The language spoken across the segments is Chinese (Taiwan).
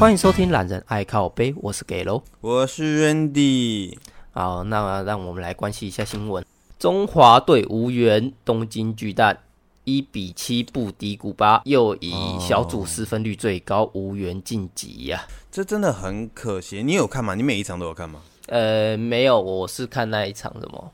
歡迎收聽《懶人愛靠背》，我是 Gelo，我是 Randy。好，那麼讓我們來關心一下新聞：中華隊無緣東京巨蛋，一比七不敵古巴，又以小組失分率最高，哦，無緣晉級呀，啊！這真的很可惜。你有看嗎？你每一場都有看嗎？呃，沒有，我是看那一場什麼？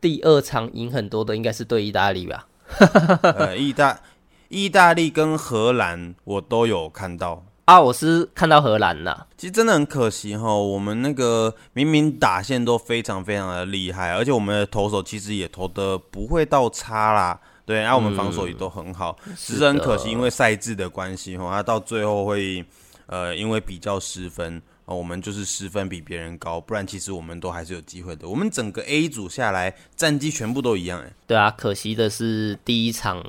第二場贏很多的應該是對意大利吧？哈哈哈哈呃，意大意大利跟荷蘭我都有看到。啊，我是看到荷蘭啦，其實真的很可惜哈。我們那個明明打線都非常非常的厲害，而且我們的投手其實也投得不會到差啦。對，啊我們防守也都很好，嗯、只是很可惜，的因為賽制的關係吼，它、啊、到最後會呃，因為比較失分啊、呃，我們就是失分比別人高，不然其實我們都還是有機會的。我們整個 A 組下來戰績全部都一樣哎、欸。對啊，可惜的是第一場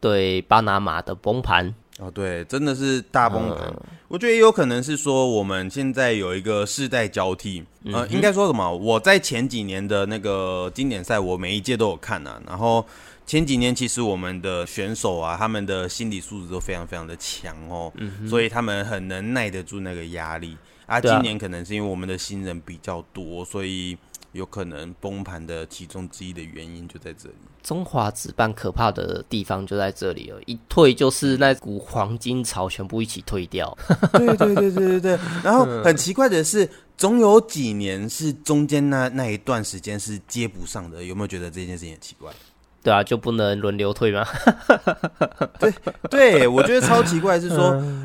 對巴拿馬的崩盤。哦，oh, 對，真的是大崩盤。Uh huh. 我覺得也有可能是說，我們現在有一個世代交替。呃，uh huh. 應該說什麼？我在前幾年的那個經典賽，我每一屆都有看呢，啊。然後前幾年其實我們的選手啊，他們的心理素質都非常非常的強哦，uh huh. 所以他們很能耐得住那個壓力。啊，uh huh. 今年可能是因為我們的新人比較多，所以。有可能崩盤的其中之一的原因就在這裡。中華職棒可怕的地方就在這裡哦，一退就是那股黃金潮全部一起退掉。 對對對對對對。然後很奇怪的是，總有幾年是中間那那一段時間是接不上的。有沒有覺得這件事情很奇怪？對啊，就不能輪流退嗎？ 對對，我覺得超奇怪，是說，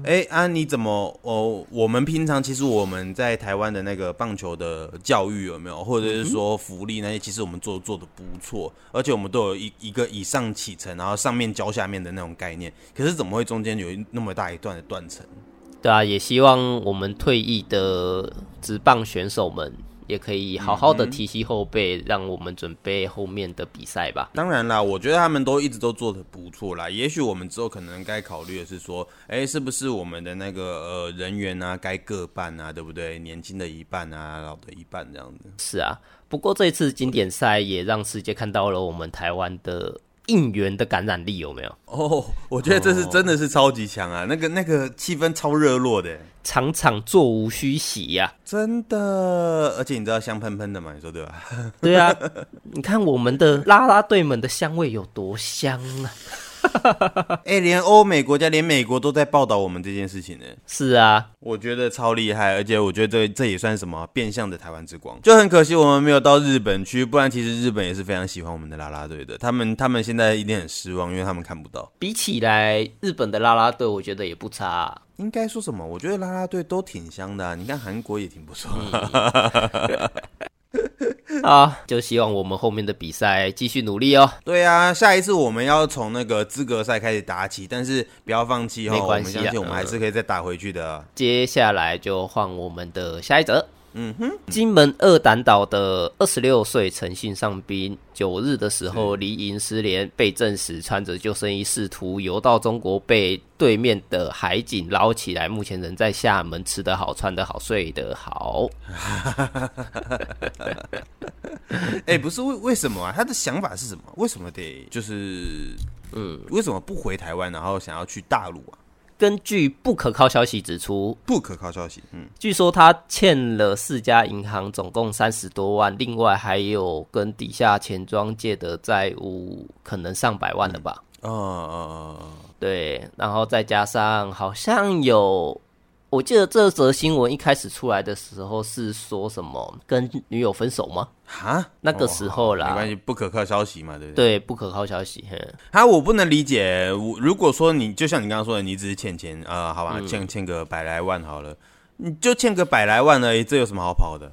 哎、欸、啊，你怎麼哦？我們平常其實我們在台灣的那個棒球的教育有沒有，或者是說福利那些，其實我們做做得不錯，而且我們都有一一個以上起程，然後上面教下面的那種概念。可是怎麼會中間有那麼大一段的斷層？對啊，也希望我們退役的職棒選手們也可以好好的提醒後輩，嗯嗯，讓我們準備後面的比賽吧。當然啦，我覺得他們都一直都做得不錯啦。也許我們之後可能該考慮的是說，誒、欸，是不是我們的那個呃人員啊，該各半啊，對不對？年輕的一半啊，老的一半這樣子。是啊，不過這次經典賽也讓世界看到了我們台灣的，應援的感染力有沒有？哦，oh, 我覺得這是真的是超級強啊、oh, 那個！那個那個氣氛超熱絡的，場場座無虛席呀、啊，真的。而且你知道香噴噴的嘛？你說對吧？對啊， 你看我們的啦啦隊們的香味有多香啊！哎、 欸，連歐美國家，連美國都在報道我們這件事情呢。是啊，我覺得超厲害，而且我覺得這也算什麼變相的台灣之光。就很可惜我們沒有到日本去，不然其實日本也是非常喜歡我們的啦啦隊的。他們他們現在一定很失望，因為他們看不到。比起來日本的啦啦隊，我覺得也不差。應該說什麼？我覺得啦啦隊都挺香的、啊，你看韓國也挺不錯。 啊，就希望我們後面的比賽繼續努力哦。對啊，下一次我們要從那個資格賽開始打起，但是不要放棄哦。沒關係，我們相信我們還是可以再打回去的。嗯、接下來就換我們的下一則。嗯哼，嗯金門二膽島的二十六歲陳姓上兵，九日的時候離營失聯，被證實穿着救生衣試圖游到中國，被對面的海警撈起來。目前人在廈門，吃得好，穿得好，睡得好。哎，不是為為什麼啊？他的想法是什麼？為什麼得就是呃，為什麼不回台灣，然後想要去大陸啊？根據不可靠消息指出，不可靠消息，嗯，據說他欠了四家銀行總共三十多萬，另外還有跟底下錢莊借的債務，可能上百萬了吧？嗯嗯嗯嗯，啊，啊，啊，啊。對，然後再加上好像有。我記得這則新聞一開始出來的時候是說什麼跟女友分手嗎？啊蛤，那個時候啦，哦、沒關係，不可靠消息嘛，對不對？對，不可靠消息。他、啊、我不能理解，我如果說你就像你剛剛說的，你只是欠錢啊、呃，好吧，嗯、欠欠個百來萬好了，你就欠個百來萬而已，這有什麼好跑的？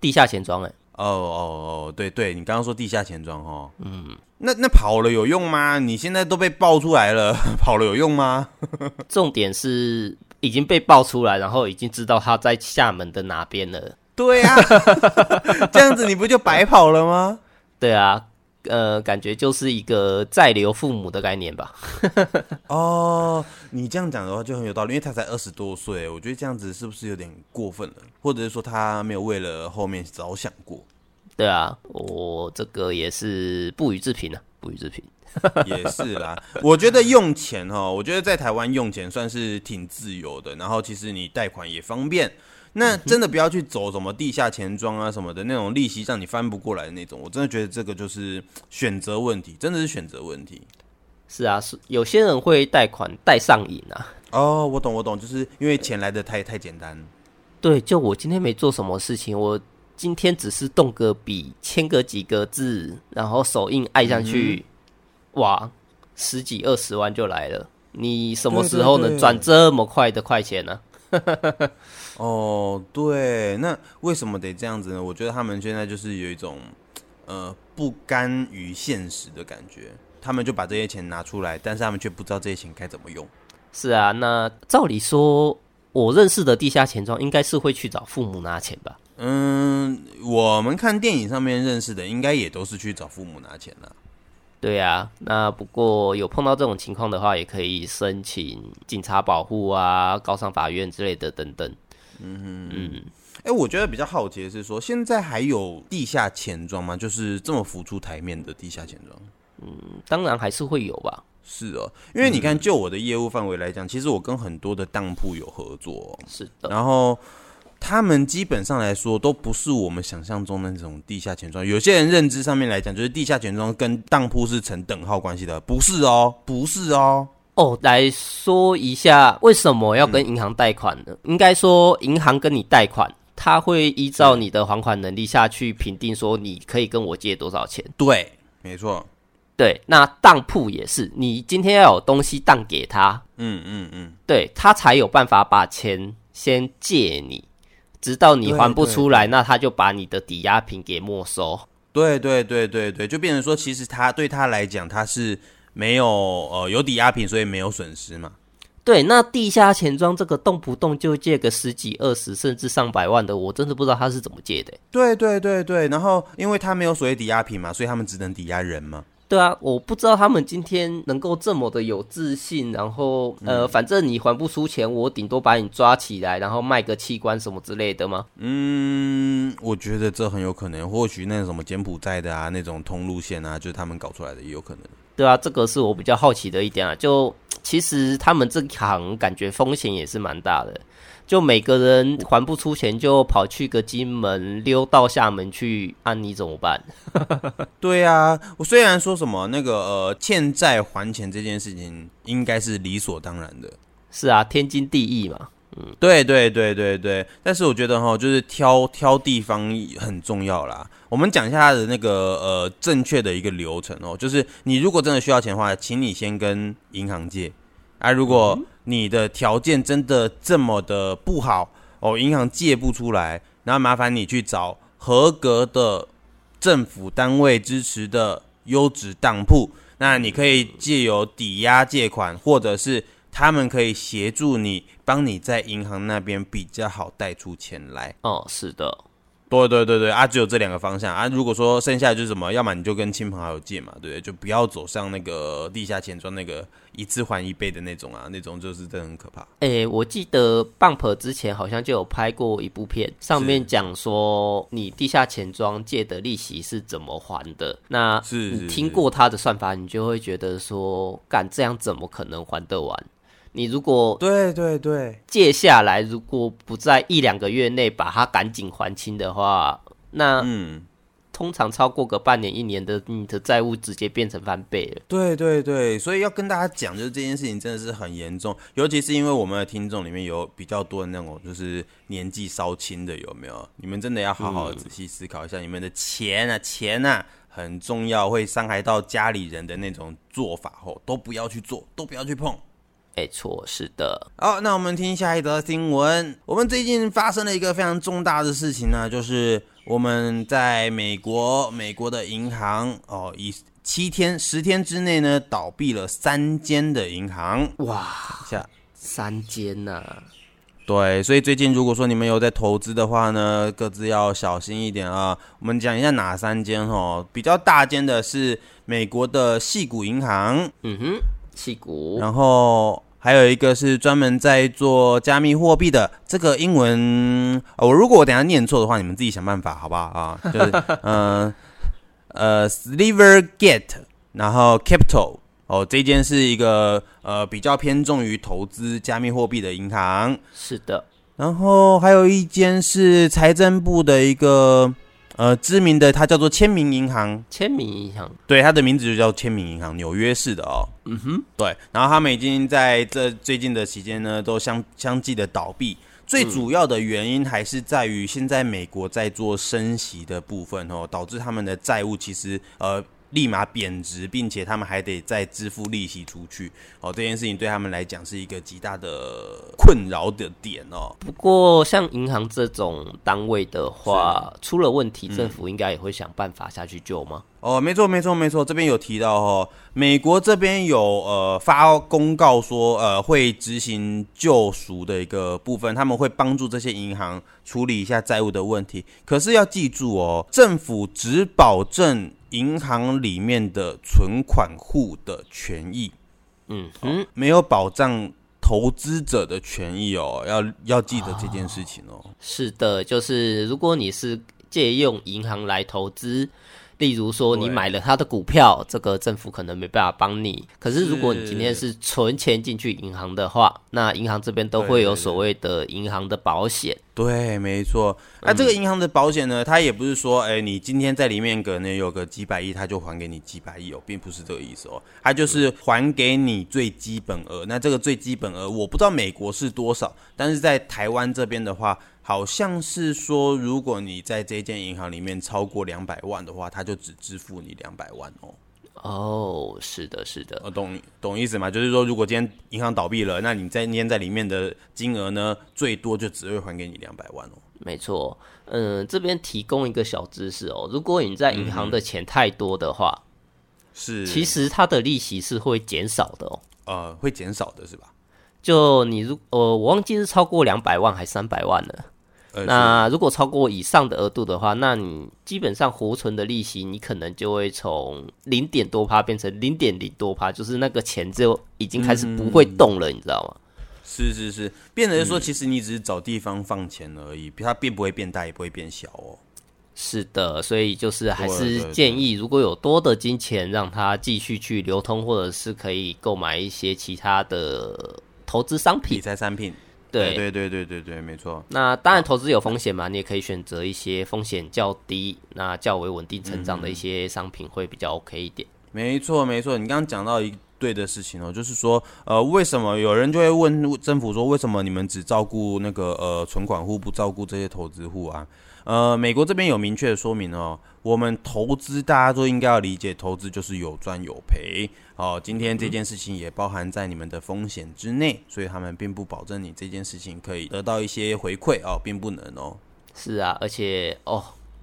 地下錢莊哎、哦！哦哦哦，對對，你剛剛說地下錢莊哈、哦，嗯，那那跑了有用嗎？你現在都被爆出來了，跑了有用嗎？ 重點是。已經被爆出來，然後已經知道他在廈門的哪邊了。對啊， 這樣子你不就白跑了嗎？對啊，呃，感覺就是一個在留父母的概念吧。 哦，你這樣講的話就很有道理，因為他才二十多歲，我覺得這樣子是不是有點過分了？或者是說他沒有為了後面着想過？對啊，我這個也是不予置評啊，不予置評。也是啦，我覺得用錢哈，我覺得在台灣用錢算是挺自由的。然後其實你貸款也方便，那真的不要去走什麼地下錢莊啊什麼的那種利息讓你翻不過來的那種。我真的覺得這個就是選擇問題，真的是選擇問題。是啊，是有些人會貸款貸上癮啊。哦，我懂我懂，就是因為錢來得太太簡單。對，就我今天沒做什麼事情，我今天只是動個筆，簽個幾個字，然後手印按上去。嗯嗯。哇，十幾二十萬就來了！你什麼時候能賺這麼快的快錢呢？哦，對，那為什麼得這樣子呢？我覺得他們現在就是有一種呃不甘於現實的感覺，他們就把這些錢拿出來，但是他們卻不知道這些錢該怎麼用。是啊，那照理說，我認識的地下錢莊應該是會去找父母拿錢吧？嗯，我們看電影上面認識的，應該也都是去找父母拿錢了啊。對啊，那不過有碰到這種情況的話，也可以申請警察保護啊，告上法院之類的等等。嗯哼嗯，誒、欸，我覺得比較好奇的是說，現在還有地下錢莊嗎？就是這麼浮出台面的地下錢莊？嗯，當然還是會有吧。是哦、啊，因為你看，就我的業務範圍來講，嗯、其實我跟很多的當鋪有合作。是的，然後。他們基本上來說都不是我們想象中的那種地下錢莊。有些人認知上面來講，就是地下錢莊跟當鋪是成等號關係的，不是哦，不是哦。哦，來說一下為什麼要跟銀行貸款呢？嗯、應該說銀行跟你貸款，他會依照你的還款能力下去評定，說你可以跟我借多少錢。對，沒錯。對，那當鋪也是，你今天要有東西當給他，嗯嗯嗯，嗯嗯對，他才有辦法把錢先借你。直到你還不出來，對對對，那他就把你的抵押品給沒收。對對對對對，就變成說，其實他對他來講，他是沒有呃，有抵押品，所以沒有損失嘛。對，那地下錢莊這個動不動就借個十幾二十甚至上百萬的，我真的不知道他是怎麼借的。對對對對，然後因為他沒有所謂抵押品嘛，所以他們只能抵押人嘛。對啊，我不知道他們今天能夠這麼的有自信，然後呃，反正你還不出錢，我頂多把你抓起來，然後賣個器官什麼之類的嗎？嗯，我覺得這很有可能，或許那什麼柬埔寨的啊，那種通路線啊，就是他們搞出來的也有可能。對啊，這個是我比較好奇的一點啊，就其實他們這行感覺風險也是蠻大的。就每個人還不出錢，就跑去個金門溜到廈門去，按、啊、你怎麼辦？ 對啊，我雖然說什麼那個呃，欠債還錢這件事情應該是理所當然的，是啊，天經地義嘛。嗯，對對對對對。但是我覺得哈、哦，就是挑挑地方很重要啦。我們講一下他的那個呃，正確的一個流程哦，就是你如果真的需要錢的話，請你先跟銀行借，啊，如果。嗯你的條件真的這麼的不好哦，銀行借不出來，那麻煩你去找合格的政府單位支持的優質當鋪，那你可以借由抵押借款或者是他們可以協助你幫你在銀行那邊比較好貸出錢來。哦，是的。對對對對啊，只有這兩個方向啊！如果說剩下的就是什麼，要麼你就跟親朋好友借嘛，對不對？就不要走上那個地下錢莊那個一次還一倍的那種啊，那種就是真的很可怕。哎、欸，我記得棒婆之前好像就有拍過一部片，上面講說你地下錢莊借的利息是怎麼還的。那是你聽過他的算法，你就會覺得說，幹這樣怎麼可能還得完？你如果對對對，接下來如果不在一兩個月內把它趕緊還清的話，那嗯通常超過個半年一年的，你的債務直接變成翻倍了。對對對，所以要跟大家講，就是這件事情真的是很嚴重，尤其是因為我們的聽眾裡面有比較多的那種，就是年紀稍輕的有沒有？你們真的要好好仔細思考一下，你們的錢啊錢啊很重要，會傷害到家裡人的那種做法，吼，都不要去做，都不要去碰。哎，錯，是的。好，那我們聽下一則新聞。我們最近發生了一個非常重大的事情呢，就是我們在美國，美國的銀行哦，以七天、十天之內呢倒閉了三間的銀行。哇，下三間呢？啊？對，所以最近如果說你們有在投資的話呢，各自要小心一點啊。我們講一下哪三間哦，比較大間的是美國的矽谷銀行。嗯哼，矽谷，然後。還有一個是專門在做加密貨幣的，這個英文哦，我如果我等一下念錯的話，你們自己想辦法，好不好啊？就是嗯 呃，呃，Silvergate，然後 Capital 哦，這間是一個呃比較偏重於投資加密貨幣的銀行，是的。然後還有一間是財政部的一個。呃，知名的它叫做簽名銀行，簽名銀行，對，它的名字就叫簽名銀行，紐約市的哦。嗯哼，對，然後他們已經在這最近的期間呢，都相相繼的倒閉，最主要的原因還是在於現在美國在做升息的部分哦，導致他們的債務其實呃。立馬貶值，並且他們還得再支付利息出去哦。這件事情對他們來講是一個極大的困擾的點哦。不過，像銀行這種單位的話，是出了問題，嗯、政府應該也會想辦法下去救嗎？哦，沒錯，沒錯，沒錯。這邊有提到哦，美國這邊有呃發公告說呃會執行救贖的一個部分，他們會幫助這些銀行處理一下債務的問題。可是要記住哦，政府只保證。銀行裡面的存款戶的權益，嗯嗯、哦，沒有保障投資者的權益哦，要要記得這件事情哦。哦。是的，就是如果你是借用銀行來投資。例如說，你買了他的股票，對這個政府可能沒辦法幫你。可是，如果你今天是存錢進去銀行的話，是那銀行這邊都會有所謂的銀行的保險。對，對，對，對，沒錯。那，嗯啊、這個銀行的保險呢，它也不是說，誒，你今天在裡面可能有個幾百億，它就還給你幾百億哦，並不是這個意思哦。它就是還給你最基本額。那這個最基本額，我不知道美國是多少，但是在台灣這邊的話。好像是說，如果你在這間銀行裡面超過兩百萬的話，他就只支付你兩百萬哦。哦，是的，是的，呃、懂懂意思嗎？就是說，如果今天銀行倒閉了，那你在現在裡面的金額呢，最多就只會還給你兩百萬哦。沒錯，嗯、呃，這邊提供一個小知識哦，如果你在銀行的錢太多的話，嗯嗯是其實它的利息是會減少的哦。呃，會減少的是吧？就你如呃，我忘記是超過兩百萬還是三百萬了。那如果超過以上的額度的話，那你基本上活存的利息，你可能就會從零點多趴變成零點零多趴，就是那個錢就已經開始不會動了，嗯、你知道嗎？是是是，變成就說，其實你只是找地方放錢而已，嗯、它並不會變大，也不會變小哦。是的，所以就是還是建議，如果有多的金錢，讓它繼續去流通，或者是可以購買一些其他的投資商品、理財產品。對對對對對對，沒錯。那當然，投資有風險嘛，你也可以選擇一些風險較低，那較為穩定成長的一些商品，會比較 OK 一點。嗯，沒錯，沒錯。你剛剛講到一對的事情哦，就是說，呃，為什麼有人就會問政府說，為什麼你們只照顧那個呃存款戶，不照顧這些投資戶啊？呃，美國這邊有明確的說明哦。我們投資，大家都應該要理解，投資就是有賺有賠哦。今天這件事情也包含在你們的風險之內，所以他們並不保證你這件事情可以得到一些回饋哦，並不能哦。是啊，而且哦，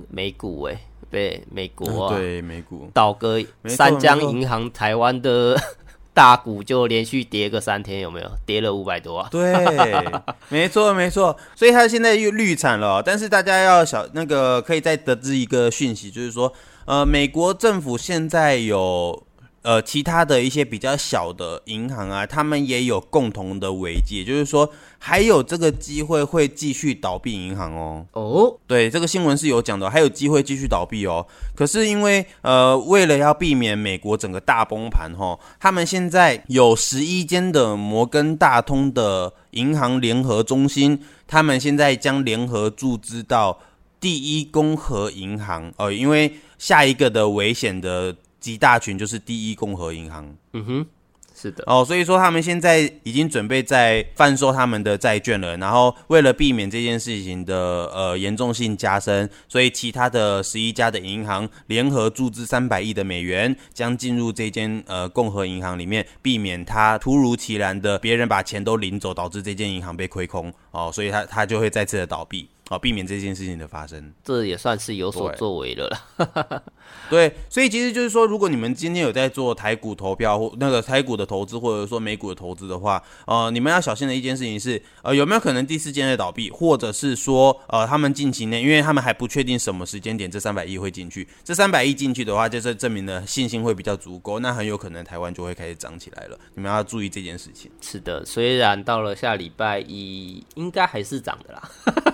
美股誒、欸啊嗯、對，美國對美股倒戈三家銀行台灣的。 大股就連續跌個三天，有沒有？跌了五百多啊。對， 沒錯沒錯。所以它現在又綠產了喔。但是大家要小那個，可以再得知一個訊息，就是說，呃，美國政府現在有。呃，其他的一些比較小的銀行啊，他們也有共同的危機，也就是說，還有這個機會會繼續倒閉銀行哦。哦，對，這個新聞是有講的，還有機會繼續倒閉哦。可是因為呃，為了要避免美國整個大崩盤哈、哦，他們現在有十一間的摩根大通的銀行聯合中心，他們現在將聯合注資到第一共和銀行，呃，因為下一個的危險的。幾大群就是第一共和銀行，嗯哼，是的哦，所以說他們現在已經準備在販售他們的債券了，然後為了避免這件事情的呃嚴重性加深，所以其他的十一家的銀行聯合注資三百億的美元，將進入這間呃共和銀行裡面，避免他突如其然的別人把錢都領走，導致這間銀行被虧空哦，所以他他就會再次的倒閉。好，避免這件事情的發生，這也算是有所作為了了。對， 對，所以其實就是說，如果你們今天有在做台股投票或那個台股的投資，或者說美股的投資的話，呃，你們要小心的一件事情是，呃，有沒有可能第四間也倒閉，或者是說，呃，他們近期內，因為他們還不確定什麼時間點這三百億會進去，這三百億進去的話，就是證明了信心會比較足夠，那很有可能台灣就會開始漲起來了。你們要注意這件事情。是的，雖然到了下禮拜一，應該還是漲的啦。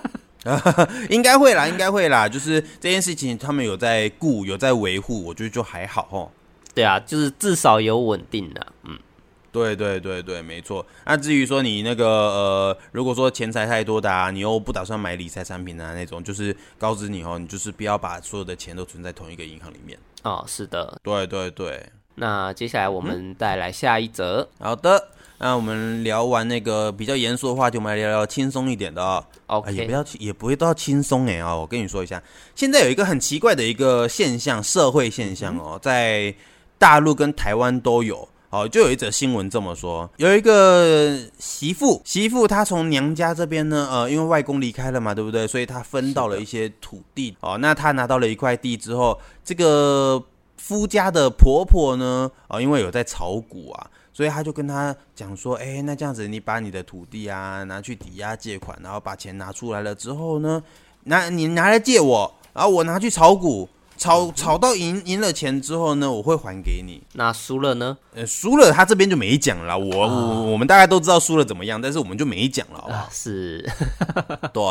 應該會啦，應該會啦，就是這件事情他們有在顧，有在維護，我覺得就還好吼。對啊，就是至少有穩定的，嗯，對對對對，沒錯。那、啊、至於說你那個呃，如果說錢財太多的啊，你又不打算買理財產品的、啊、那種，就是告知你哦，你就是不要把所有的錢都存在同一個銀行裡面。哦，是的，對對對。那接下來我們帶來下一則。嗯、好的。那、啊、我們聊完那個比較嚴肅的話，就我們來聊聊輕鬆一點的哦。OK，、啊、也不要，也不會都要輕鬆誒哦，我跟你說一下，現在有一個很奇怪的一個現象，社會現象哦，嗯、在大陸跟台灣都有哦。就有一則新聞這麼說，有一個媳婦，媳婦她從娘家這邊呢，呃，因為外公離開了嘛，對不對？所以她分到了一些土地的哦。那她拿到了一塊地之後，這個夫家的婆婆呢，啊、哦，因為有在炒股啊。所以他就跟他講說：“哎、欸，那這樣子，你把你的土地啊拿去抵押借款，然後把錢拿出來了之後呢，拿你拿來借我，然後我拿去炒股，炒炒到贏贏了錢之後呢，我會還給你。那輸了呢、呃？輸了他這邊就沒講了。我我，我們大家都知道輸了怎麼樣，但是我們就沒講了，好不好、啊、是， 對。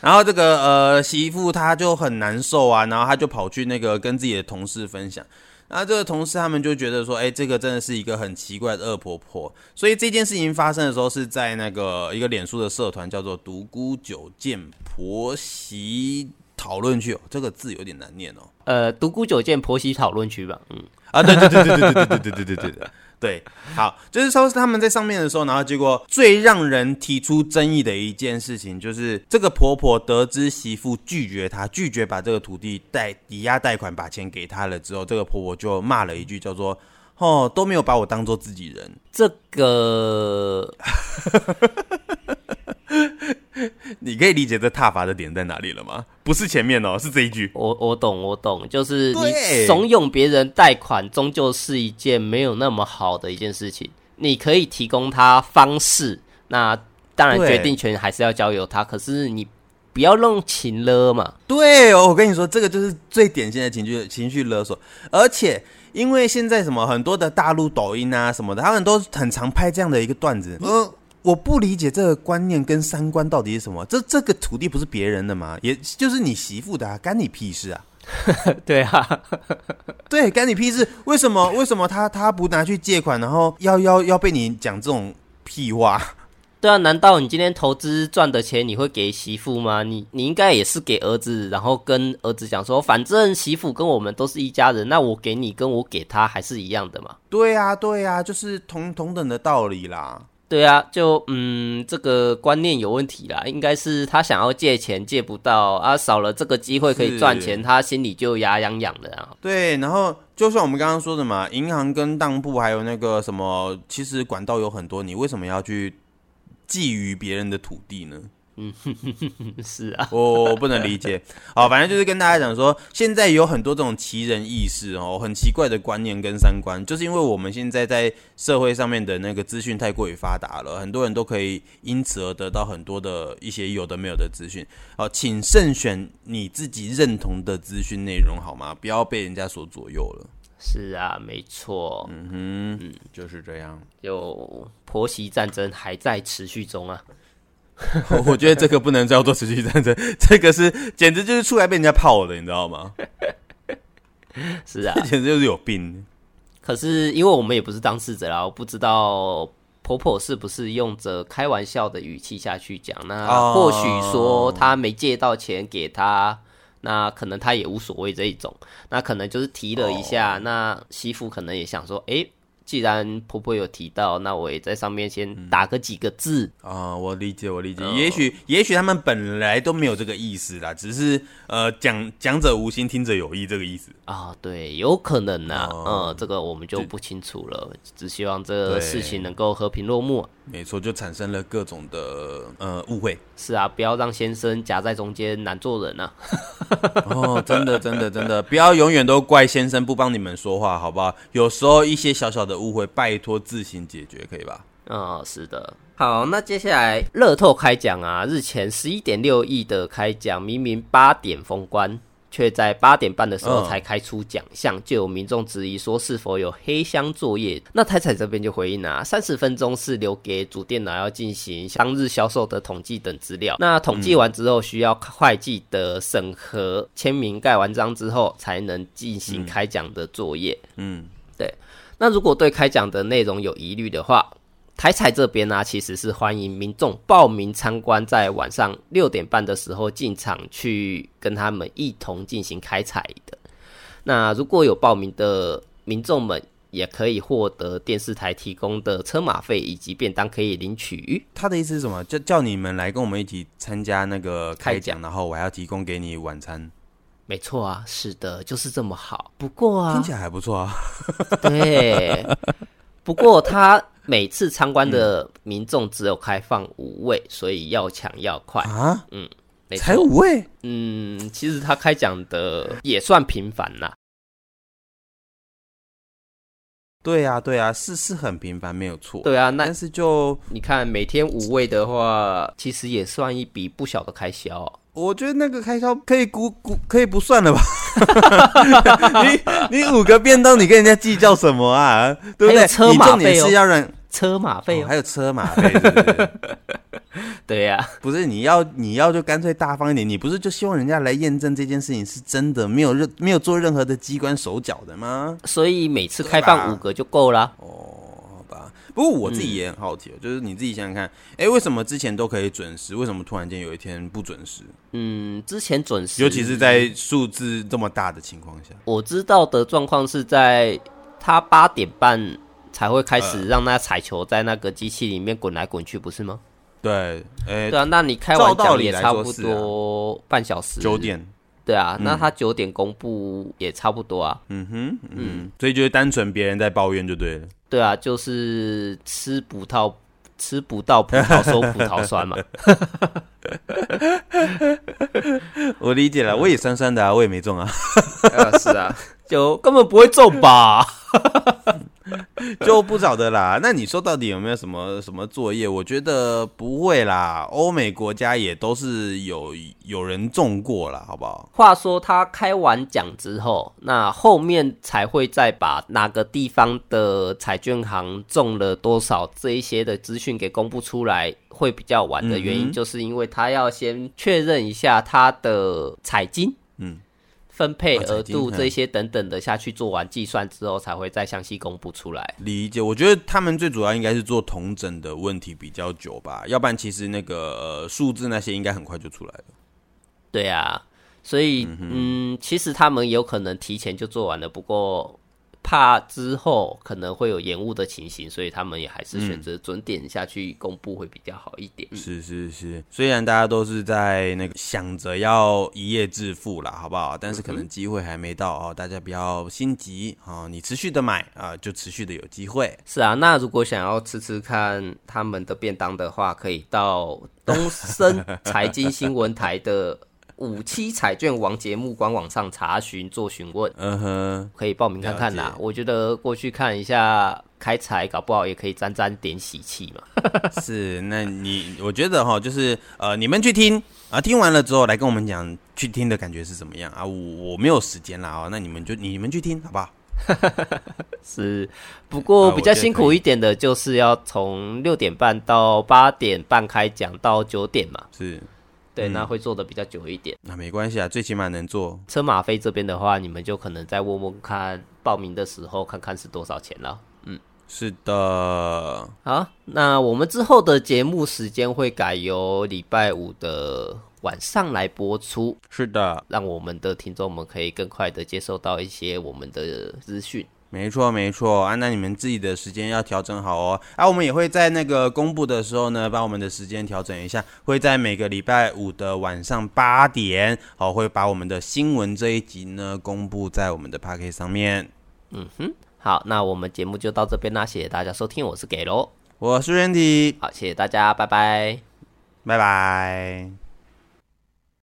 然後這個呃媳婦他就很難受啊，然後他就跑去那個跟自己的同事分享。”那這個同事他們就覺得說，哎、欸，這個真的是一個很奇怪的惡婆婆。所以這件事情發生的時候是在那個一個臉書的社團叫做“獨孤九劍婆媳討論區”哦，這個字有點難念哦。呃，“獨孤九劍婆媳討論區”吧。嗯，啊，對對對對對對對對對對對。 對，好，就是說是他們在上面的時候，然後結果最讓人提出爭議的一件事情，就是這個婆婆得知媳婦拒絕她，拒絕把這個土地貸抵押貸款把錢給她了之後，這個婆婆就罵了一句，叫做“哦，都沒有把我當做自己人。”這個。 你可以理解這踏伐的點在哪裡了嗎？不是前面哦，是這一句。我我懂，我懂，就是你慫恿別人貸款，終究是一件沒有那麼好的一件事情。你可以提供他方式，那當然決定權還是要交由他。對可是你不要弄情勒嘛？對哦，我跟你說，這個就是最典型的情緒情緒勒索。而且因為現在什麼很多的大陸抖音啊什麼的，他們都很常拍這樣的一個段子。嗯我不理解這個觀念跟三觀到底是什麼？這這個土地不是別人的嗎？也就是你媳婦的啊，幹你屁事啊？ 對啊 ，對，幹你屁事？為什麼？為什麼他他不拿去借款，然後要要要被你講這種屁話？對啊，難道你今天投資賺的錢你會給媳婦嗎？你你應該也是給兒子，然後跟兒子講說，反正媳婦跟我們都是一家人，那我給你跟我給他還是一樣的嘛？對啊，對啊，就是同同等的道理啦。對啊，就嗯，這個觀念有問題啦。應該是他想要借錢借不到啊，少了這個機會可以賺錢，是他心裡就牙癢癢的啊。對，然後就像我們剛剛說的嘛，銀行跟當鋪還有那個什麼，其實管道有很多，你為什麼要去覬覦別人的土地呢？嗯， 是啊我，我我不能理解。好，反正就是跟大家講說，現在有很多這種奇人異事哦，很奇怪的觀念跟三觀，就是因為我們現在在社會上面的那個資訊太過於發達了，很多人都可以因此而得到很多的一些有的沒有的資訊。好，請慎選你自己認同的資訊內容好嗎？不要被人家所左右了。是啊，沒錯。嗯哼嗯，就是這樣。有婆媳戰爭還在持續中啊。 我覺得這個不能叫做持續戰爭， 這個是簡直就是出來被人家砲的，你知道嗎？ 是啊，簡直就是有病。可是因為我們也不是當事者啦，然後不知道婆婆是不是用着開玩笑的語氣下去講，那或許說她沒借到錢給她，那可能她也無所謂這一種，那可能就是提了一下，哦、那媳婦可能也想說，誒、欸。既然婆婆有提到，那我也在上面先打個幾個字啊、嗯哦。我理解，我理解。嗯、也許，也許他們本來都沒有這個意思啦，只是呃，講講者無心，聽者有意這個意思啊、哦。對，有可能啦。嗯，嗯，這個我們就不清楚了，就只希望這個事情能夠和平落幕。沒錯，就產生了各種的呃誤會。是啊，不要讓先生夾在中間難做人吶、啊。 哦，真的，真的，真的，不要永遠都怪先生不幫你們說話，好不好？有時候一些小小的。誤會，拜託自行解決，可以吧？嗯、哦，是的。好，那接下來樂透開獎啊，日前十一點六億的開獎，明明八點封關，卻在八點半的時候才開出獎項，嗯、就有民眾質疑說是否有黑箱作業。那台彩這邊就回應啊，三十分鐘是留給主電腦要進行當日銷售的統計等資料，那統計完之後、嗯、需要會計的審核、簽名、蓋完章之後，才能進行開獎的作業。嗯，嗯對。那如果對開獎的內容有疑慮的話，台彩這邊呢、啊、其實是歡迎民眾報名參觀，在晚上六點半的時候進場去跟他們一同進行開彩的。那如果有報名的民眾們，也可以獲得電視台提供的車馬費以及便當可以領取。他的意思是什麼？就叫你們來跟我們一起參加那個開獎，開獎，然後我還要提供給你晚餐。沒錯啊，是的，就是這麼好。不過啊，聽起來還不錯啊。 對，不過他每次參觀的民眾只有開放五位，嗯、所以要搶要快啊。嗯，才五位。嗯，其實他開獎的也算頻繁了、啊。對啊，對啊，是是很頻繁，沒有錯。對啊，但是就你看，每天五位的話，其實也算一筆不小的開銷。我覺得那個開銷可以估估可以不算了吧？ 你你五個便當，你跟人家計較什麼啊？哦、對不對？你是要車馬費費、哦哦，還有車馬費，對呀，不是、， 啊、不是你要你要就乾脆大方一點，你不是就希望人家來驗證這件事情是真的，沒有任沒有做任何的機關手腳的嗎？所以每次開放五個就夠了哦。不過我自己也很好奇，嗯、就是你自己想想看，哎，為什麼之前都可以準時，為什麼突然間有一天不準時？嗯，之前準時，尤其是在數字這麼大的情況下，我知道的狀況是在他八點半才會開始讓那彩球在那個機器裡面滾來滾去，不是嗎？對，哎，對啊，那你開完獎也差不多半小時，九、啊、點。對啊，那他九點公布也差不多啊。嗯哼，嗯，所以就是單純別人在抱怨就對了。對啊，就是吃葡萄吃不到葡萄說葡萄酸嘛。 我理解了，我也酸酸的啊，我也沒中啊。 啊是啊，就根本不會中吧。 就不曉得啦。那你說到底有沒有什麼什麼作業？我覺得不會啦。歐美國家也都是有有人中過啦。好不好？話說他開完獎之後，那後面才會再把哪個地方的彩券行，中了多少這一些的資訊給公布出來，會比較晚的原因，就是因為他要先確認一下他的彩金。分配額度這些等等的下去做完計算之後，才會再詳細公布出來。理解，我覺得他們最主要應該是做統整的問題比較久吧，要不然其實那個、呃、數字那些應該很快就出來了。對啊，所以嗯，哼嗯，其實他們有可能提前就做完了，不過。怕之後可能會有延誤的情形，所以他們也還是選擇準點下去公布會比較好一點，嗯。是是是，雖然大家都是在那個想着要一夜致富啦，好不好？但是可能機會還沒到哦，大家不要心急哦。你持續的買啊，呃，就持續的有機會。是啊，那如果想要吃吃看他們的便當的話，可以到東森財經新聞台的。 五七彩券王節目官網上查詢做詢問，嗯哼，可以報名看看啦。了解。我覺得過去看一下開彩，搞不好也可以沾沾點喜氣嘛。是，那你 我覺得哈、哦，就是呃，你們去聽啊，聽完了之後來跟我們講，去聽的感覺是怎麼樣啊？我我沒有時間啦哦，那你們就你們去聽好不好？ 是，不過比較辛苦一點的就是要從六點半到八點半開講到九點嘛。是。對，那會做的比較久一點，嗯、那沒關係啊，最起碼能做車馬費這邊的話，你們就可能再問問看，報名的時候看看是多少錢了。嗯，是的。好，那我們之後的節目時間會改由禮拜五的晚上來播出。是的，讓我們的聽眾們可以更快的接收到一些我們的資訊。沒錯沒錯啊，那你們自己的時間要調整好哦。啊，我們也會在那個公布的時候呢，把我們的時間調整一下，會在每個禮拜五的晚上八點，好、啊，會把我們的新聞這一集呢公布在我們的 Podcast 上面。嗯哼，好，那我們節目就到這邊啦、啊，謝謝大家收聽，我是給嘍，我是 Randy。好，謝謝大家，拜拜，拜拜。